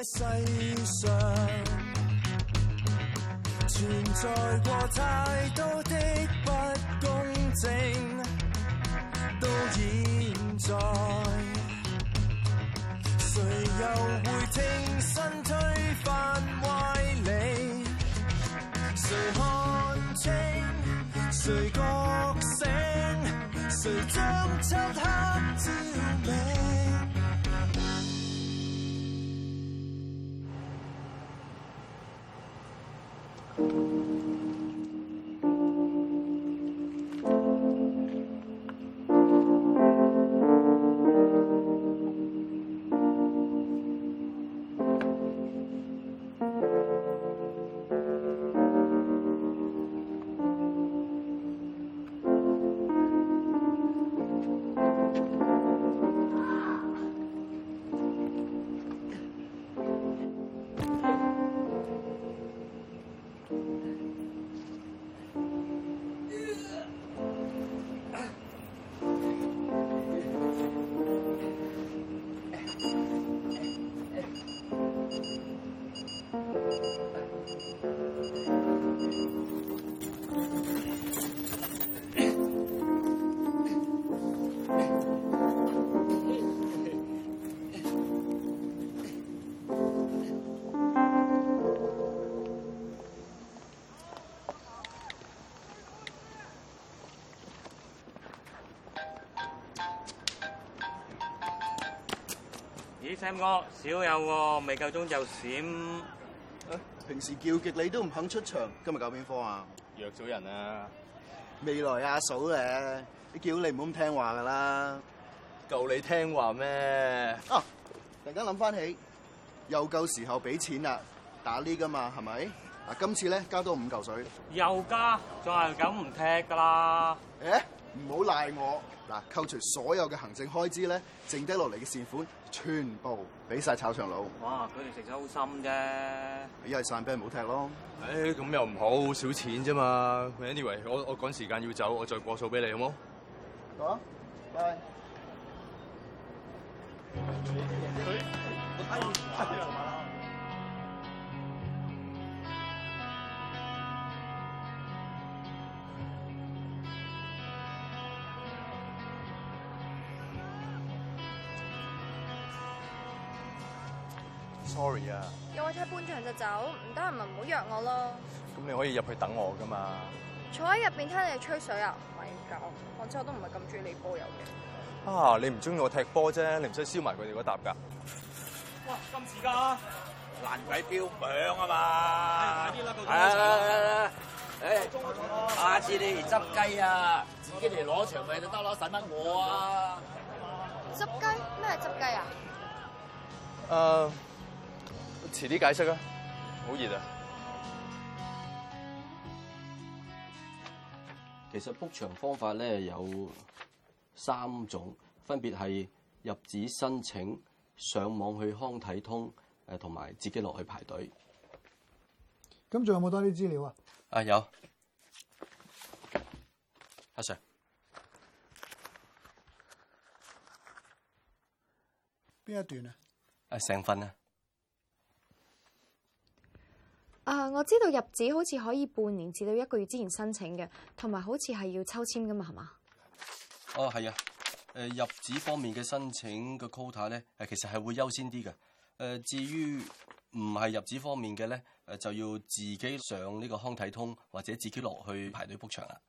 世上存在過太多的不公正，到現在，誰又會挺身推翻歪理？誰看清？誰覺醒？誰將漆黑？M 哥少有喎，未夠鐘就閃。平時叫極你都唔肯出場，今日搞邊科啊？約咗人啦，未來阿嫂咧，你叫你唔好咁聽話噶啦，夠你聽話咩？哦，突然間諗翻起，又夠時候俾錢啦，打呢噶嘛係咪？啊，今次咧加多五嚿水，又加，仲係咁唔踢噶啦？誒？唔好賴我嗱，扣除所有嘅行政開支咧，剩低落嚟嘅善款，全部俾晒炒場佬。哇！佢哋食咗好深啫，一係散兵唔好踢咯。誒、哎，咁又唔好少錢啫嘛。Anyway，我我趕時間要走，我再過數俾你好冇。得 b 拜！Bye -bye. 哎 sorry 啊，又或者踢半場就走，唔得咪唔好約我咯。咁你可以入去等我噶嘛？坐喺入面睇你哋吹水啊？咪搞！我況且我都唔係咁中意你波友嘅。啊，你唔中意我踢波啫，你唔使燒埋佢哋嗰搭噶。哇！咁似㗎，爛鬼標餅、哎、啊嘛！係啲啦，個下次你執雞啊，啊，啊，啊，自己嚟攞場咪得咯，使乜我啊？執雞咩？執雞啊？誒、啊。遲啲解釋啊，好熱啊！其實 book 場方法咧有三種，分別係入紙申請、上網去康體通誒，同埋自己落去排隊。咁仲有冇多啲資料啊？啊有，阿 Sir，邊一段啊？啊成分啊！啊，我知道入紙好似可以半年至到一個月之前申請嘅，同埋好似係要抽籤噶嘛，係嘛？哦，係啊，誒、呃、入紙方面嘅申請嘅 quota 咧，誒其實係會優先啲嘅。誒、呃、至於唔係入紙方面嘅咧，誒、呃、就要自己上呢個康體通或者自己落去排隊 book 場啦。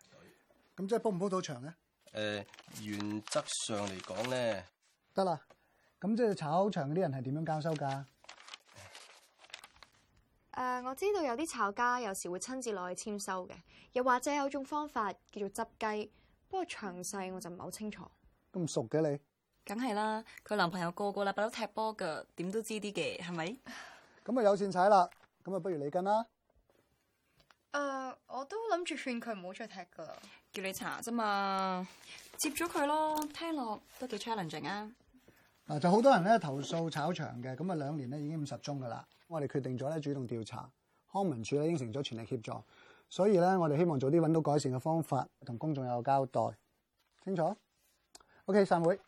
咁即係 book 唔 book 到場咧？誒、呃、原則上嚟講咧，得啦。咁即係炒場啲人係點樣交收㗎？誒、uh，我知道有啲炒家有時會親自落去簽收嘅，又或者有一種方法叫做執雞，不過詳細我就唔係好清楚。咁熟嘅你？梗係啦，佢男朋友個個禮拜都踢波噶，點都知啲嘅，係咪？咁 啊，有線踩啦，咁啊不如你跟啦。誒、uh，我都諗住勸佢唔好再踢噶。叫你查啫嘛，接咗佢咯，聽落都幾 challenge 啊！嗱，就好多人咧投訴炒場嘅，咁啊兩年咧已經五十宗噶啦，我哋決定咗咧主動調查，康文署咧應承咗全力協助，所以咧我哋希望早啲揾到改善嘅方法，同公眾有交代清楚。OK，散會。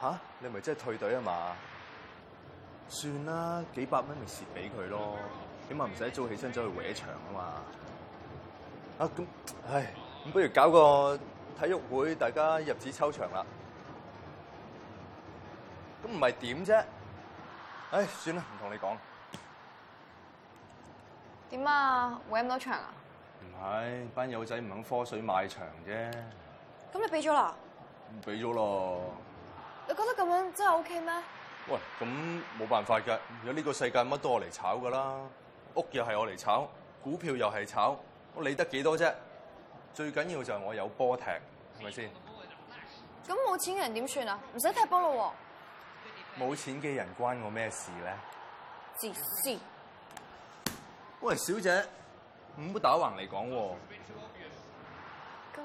吓、啊？你咪即係退隊啊嘛？算啦，幾百蚊咪蝕俾佢咯，起碼唔使早起身走去搲場啊嘛。啊咁，唉，咁不如搞個體育會大家入紙抽場啦，咁唔係點啫？唉，算啦，唔同你講。點啊？會咁多場啊？唔係，班友仔唔肯科水買場啫。咁你俾咗啦？俾咗咯。你覺得咁樣真係 OK 咩？喂，咁冇辦法㗎，如果呢個世界乜都我嚟炒㗎啦，屋又係我嚟炒，股票又係炒，我理得幾多啫？最緊要就係我有波踢，係咪先？咁冇錢嘅人點算啊？唔使踢波咯喎！冇錢嘅人關我咩事咧？自私！喂，小姐，唔好打橫嚟講喎。咁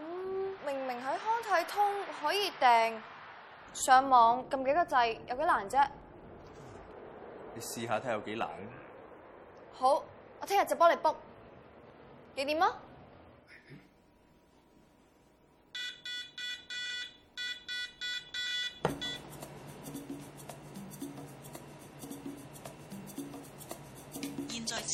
明明喺康體通可以訂，上網撳幾個掣有幾難啫？你試下睇有幾難。好，我聽日就幫你 book。幾點啊？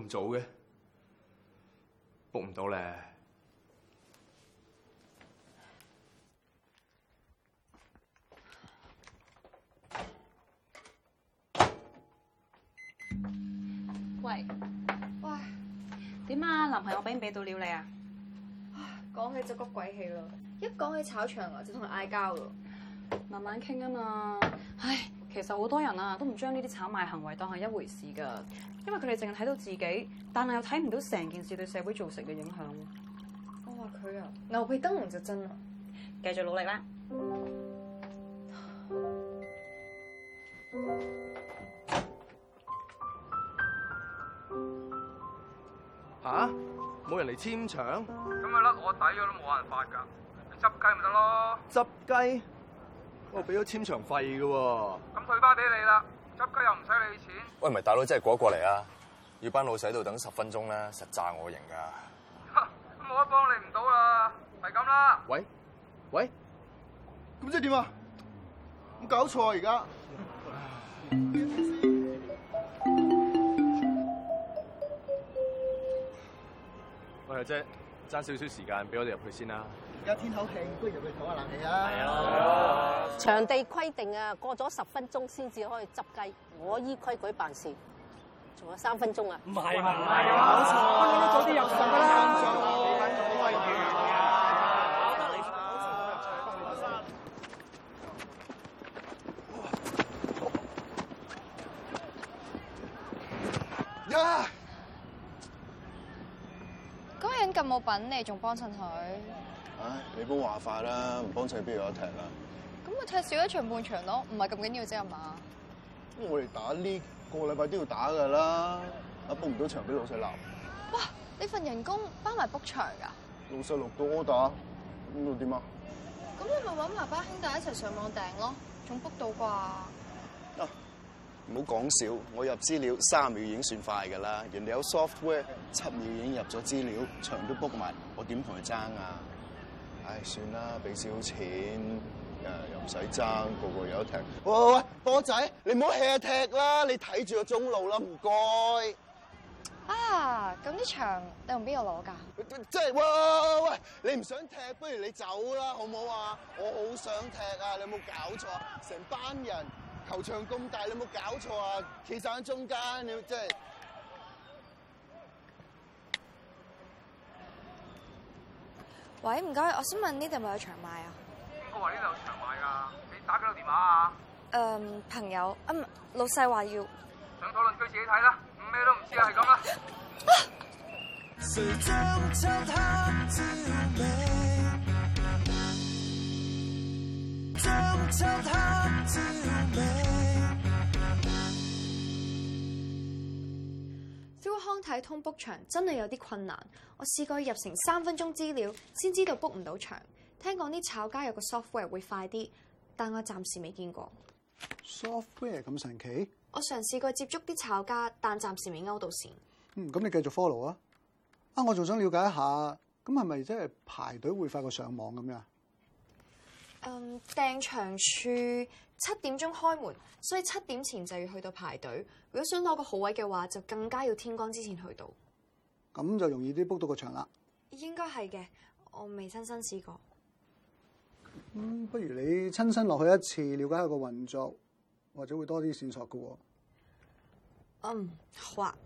咁早嘅 book 唔到咧。喂，喂，點啊？男朋友俾唔俾到料你啊？講起就谷鬼氣咯，一講起炒場就同佢嗌交咯。慢慢傾啊嘛，唉。其實好多人啊，都唔將呢啲炒賣行為當係一回事㗎，因為佢哋淨係睇到自己，但係又睇唔到成件事對社會造成嘅影響。我話佢啊，牛皮燈籠就真啦，繼續努力啦。吓、嗯？冇、啊、人嚟簽場，咁咪甩我底咗都冇人發㗎，執雞咪得咯，執雞。我俾咗簽場費㗎喎，咁退翻俾你啦。執雞又唔使你錢。喂，喂。喂，唔係大佬，真係過一過嚟啊！要班老細喺度等十分鐘啦，實炸我型噶。吓，咁我幫你唔到啦，係咁啦。喂喂，咁即係點啊？咁搞錯啊而家。喂阿姐，爭少少時間俾我哋入去先啦。而家天好慶，不如入去攞下冷氣啦。係咯，場地規定啊，過咗十分鐘先至可以執雞。我依規矩辦事，仲有三分鐘啊。唔係，唔係，冇錯，早啲又做乜啦？一，啊，嗰個，啊、人咁冇品，你仲幫襯佢？唉，你好話快啦，唔幫襯，邊有得踢啊？咁咪踢少一場半場咯，唔係咁緊要啫，係嘛？咁我哋打呢個禮拜都要打噶啦，啊，book 唔到場，俾老細鬧。哇，你份人工包埋 book 場噶？老細落柯打咁又點啊？咁你咪搵埋班兄弟一齊上網訂咯，仲 book 到啩？啊，唔好講笑，我入資料三十秒已經算快噶啦。人哋有 software 七秒已經入咗資料，場都 book 埋，我點同佢爭啊？唉、哎，算啦，俾少錢，誒又唔使爭，個個有得踢。喂喂波仔，你唔好 hea 踢啦，你睇住個中路啦，唔該。啊，咁啲場你用邊個攞㗎？即係，喂，你唔想踢，不如你走啦，好唔好啊？我好想踢啊！你有冇搞錯，成班人球場咁大，你有冇搞錯啊？企曬喺中間，你即係。喂，唔該，我想問呢度係咪有場賣啊？邊個話呢度有場賣㗎，你打幾多電話啊？誒、um,，朋友，啊、um, 老細話要，想討論區自己睇啦，咩都唔知係咁、就是、啊！ 要康體通 book 場真係有啲困難，我試過入成三分鐘資料，先知道 book 唔到場。聽講啲炒家有個 software 會快啲，但我暫時未見過。software 咁神奇？我嘗試過接觸啲炒家，但暫時未勾到線。嗯，咁你繼續 follow 啊。啊，我仲想了解一下，咁係咪即係排隊會快過上網咁樣？嗯，um，訂場處。七點鐘開門，所以七點前就要去到排隊。如果想攞個好位嘅話，就更加要天光之前去到，咁就容易啲 book 到個場啦。應該係嘅，我未親身試過。咁、嗯、不如你親身落去一次，了解下個運作，或者會多啲線索㗎喎。嗯，好啊。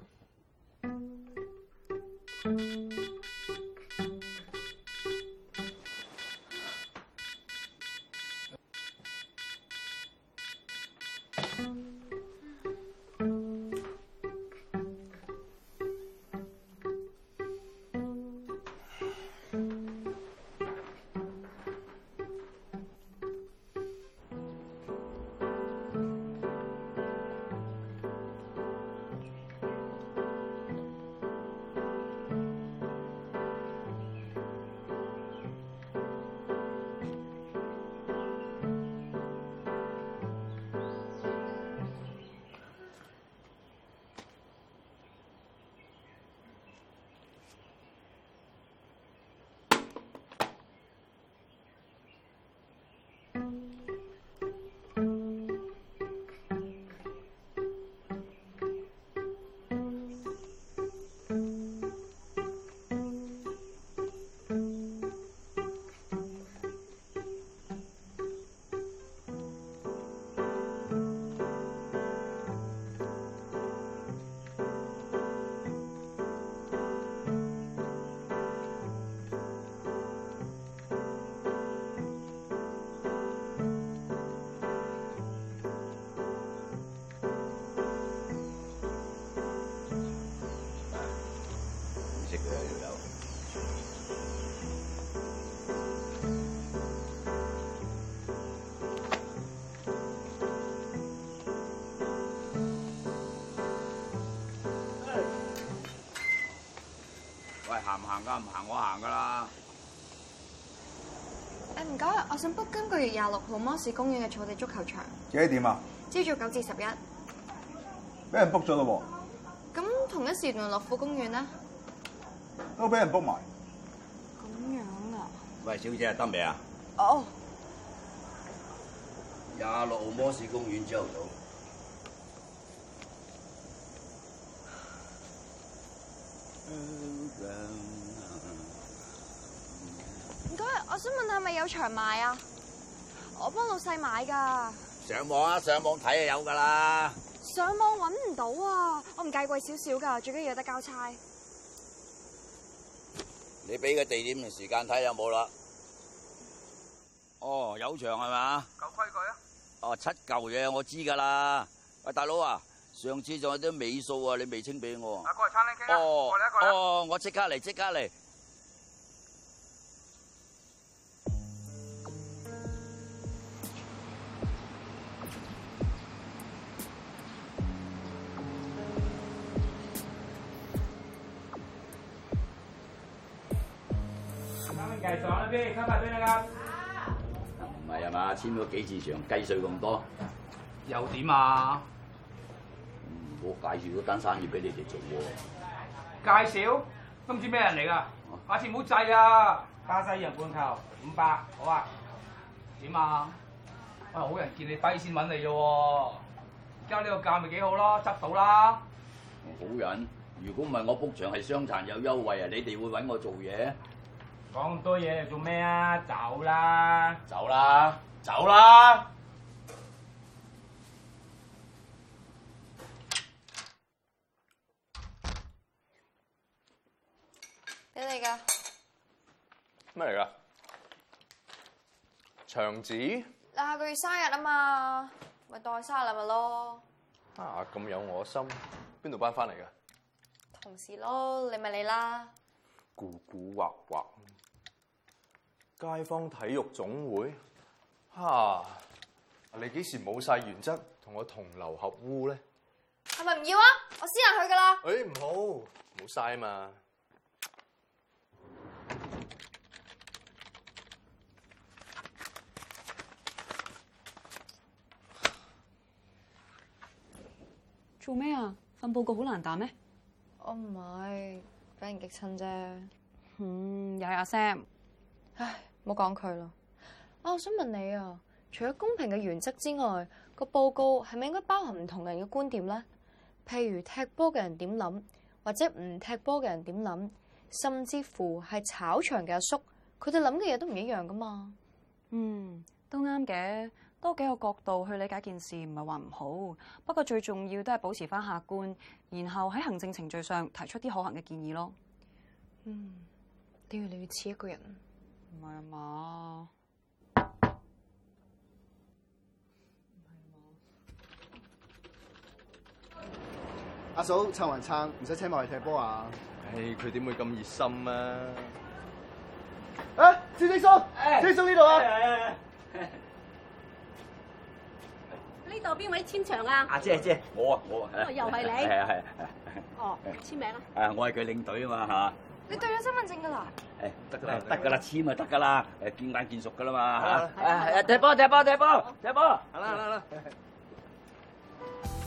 行唔行噶？唔行我行噶啦。誒，唔該，我想 book 今個月廿六號摩士公園嘅草地足球場。幾點啊？朝早九至十一。俾人 book 咗咯喎。咁同一時段樂富公園咧？都俾人 book 埋。咁樣啊？喂，小姐得未啊？哦。廿六號摩士公園朝早。唔該，我想問下，係咪有場買啊？我幫老細買噶。上網啊，上網睇啊，有噶啦。上網搵唔到啊，我唔計貴少少噶，最緊要有得交差。你俾個地點同時間睇有冇啦？哦，有場係咪？舊規矩啊？哦，七舊嘢我知噶啦。喂，大佬啊！上次仲有啲尾數啊，你未清俾我啊！阿哥嚟餐廳傾啊！哦哦，我即刻嚟，即刻嚟。咁樣計賬啦，B，收埋佢啦，唔係啊嘛，簽咗幾次場，雞碎咁多，又點啊？我、啊、介紹嗰單生意俾你哋做喎，介紹都唔知咩人嚟噶、啊，下次唔好制啦。巴西人半球五百，500，好啊？點啊？啊好人見你低先揾你啫喎，而家呢個價咪幾好咯，執到啦。好人，如果唔係我卜場係傷殘有優惠啊，你哋會揾我做嘢？講咁多嘢做咩啊？走啦！走啦！走啦！咩嚟噶？場紙？下個月生日啊嘛，咪當生日禮物咯。啊，咁有我心，邊度班翻嚟噶？同事咯，你咪你啦。古古惑惑！街坊體育總會。吓、啊，你幾時冇晒原則，同我同流合污咧？係咪唔要啊？我私下去噶啦。誒、欸，唔好，冇晒啊嘛。咩啊？份報告好難打咩？我唔係俾人激親啫。嗯，又係阿 Sam。唉，唔好講佢咯。啊、哦，我想問你啊，除咗公平嘅原則之外，個報告係咪應該包含唔同人嘅觀點咧？譬如踢波嘅人點諗，或者唔踢波嘅人點諗，甚至乎係炒場嘅阿叔，佢哋諗嘅嘢，都唔一樣噶嘛？嗯、mm，都啱嘅。多幾個角度去理解件事唔係話唔好，不過最重要都係保持翻客觀，然後喺行政程序上提出啲可行嘅建議咯。嗯，點要你似一個人？唔係啊嘛！阿嫂撐還撐，唔使請埋去踢波啊！唉、欸，佢點會咁熱心啊？啊，招積叔，招、欸、積叔呢度啊！欸欸欸欸到邊位簽場啊？阿姐阿姐，我我，又係你係啊係啊，啊，哦，簽名啦。啊，我係佢領隊啊嘛，吓，你對咗身份證㗎喇。誒，得啦，得噶啦，簽就得噶啦，誒，見眼見熟噶啦嘛，吓。誒、啊，踢波踢波踢波踢波，嚟嚟嚟嚟。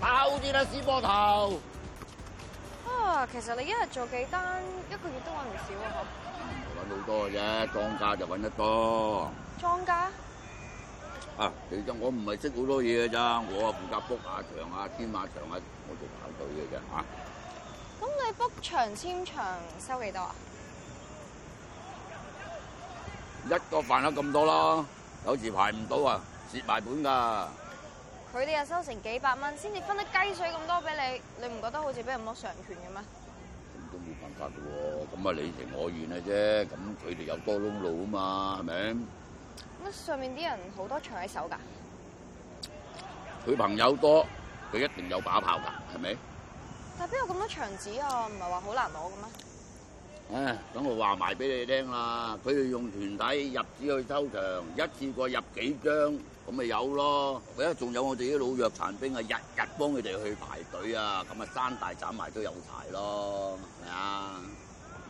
爆啲啦，屎波頭。啊，其實你一日做幾單，一個月都揾唔少啊。揾好多嘅啫，莊家就揾得多。莊家？啊，其實我唔係識好多嘢嘅咋，我啊負責 book 下場啊、簽下場啊，我哋排隊嚟嘅吓。咁你 book 場簽場收幾多啊？一個飯盒咁多啦，有時排唔到啊，蝕埋本噶。佢哋又收成幾百蚊，先至分得雞水咁多俾你，你唔覺得好似俾人攞上權嘅咩？咁都冇辦法嘅喎，咁啊你情我願咧啫，咁佢哋有多窿路啊嘛，係咪？咁上面啲人好多場喺手㗎？佢朋友多，佢一定有把炮㗎，係咪？但邊有咁多場紙啊？唔係話好難攞嘅咩？唉，等我話埋俾你聽啦，佢哋用團體入紙去收場，一次過入幾張，咁咪有咯。而一仲有我哋啲老弱殘兵天天啊，日日幫佢哋去排隊啊，咁啊山大斬埋都有柴咯，係咪啊？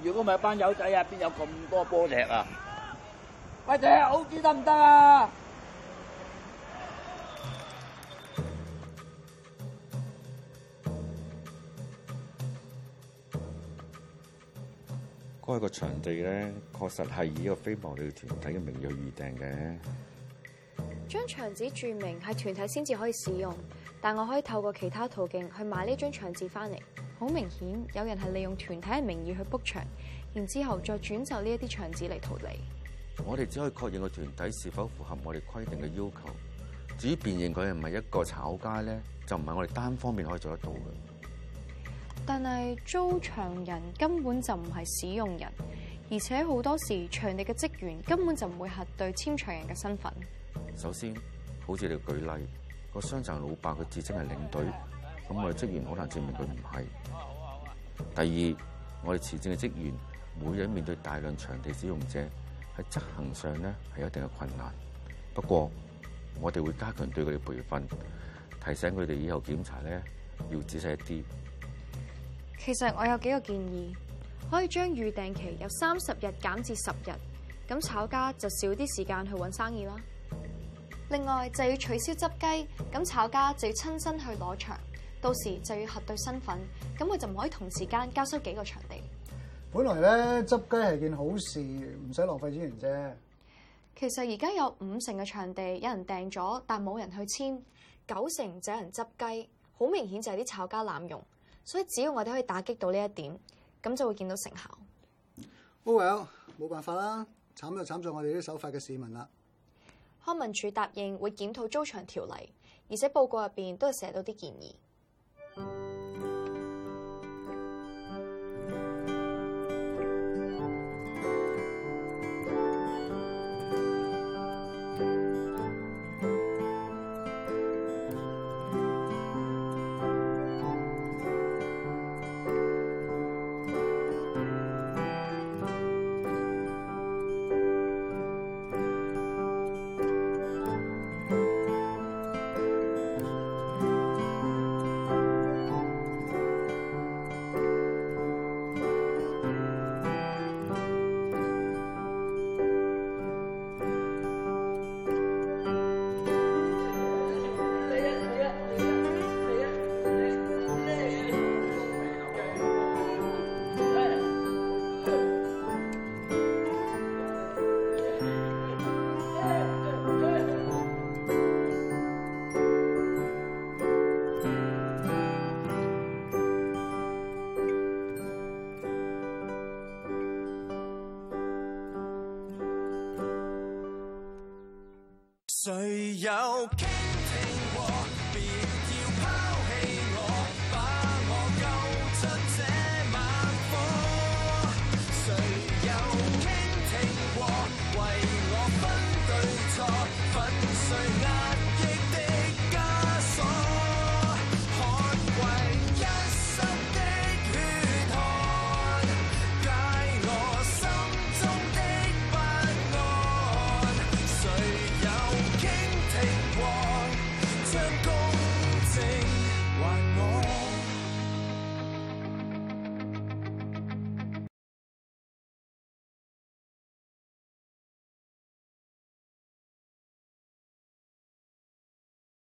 如果唔係班友仔啊，邊有咁多波踢啊？快啲，好啲得唔得啊？開個場地咧，確實係以一個非牟利團體嘅名義預訂嘅。張場紙注明係團體先至可以使用，但我可以透過其他途徑去買呢張場紙翻嚟。好明顯，有人係利用團體嘅名義去 book 場，然之後再轉售呢一啲場紙嚟圖利。我哋只可以確認個團體是否符合我哋規定嘅要求，至於辨認佢係唔係一個炒家咧，就唔係我哋單方面可以做得到嘅。但係租場人根本就唔係使用人，而且好多時場地嘅職員根本就唔會核對簽場人嘅身份。首先，好似你舉例，個商場老伯佢自稱係領隊，咁我哋職員好難證明佢唔係。第二，我哋持證嘅職員每日面對大量場地使用者，喺執行上咧係有一定嘅困難。不過，我哋會加強對佢嘅培訓，提醒佢哋以後檢查咧要仔細一啲。其實我有幾個建議，可以將預訂期由三十日減至十日，咁炒家就少啲時間去搵生意啦。另外就要取消執雞，咁炒家就要親身去攞場，到時就要核對身份，咁佢就唔可以同時間交收幾個場地。本來呢執雞係件好事，唔使浪費資源啫。其實而家有五成嘅場地有人訂咗，但冇人去簽，九成就有人執雞，好明顯就係啲炒家濫用。所以只要我哋可以打擊到呢一點，咁就會見到成效。Well、well, 冇、well, 辦法啦，慘就慘在我哋啲守法嘅市民啦。康文署答應會檢討租場條例，而且報告入邊都係寫到啲建議。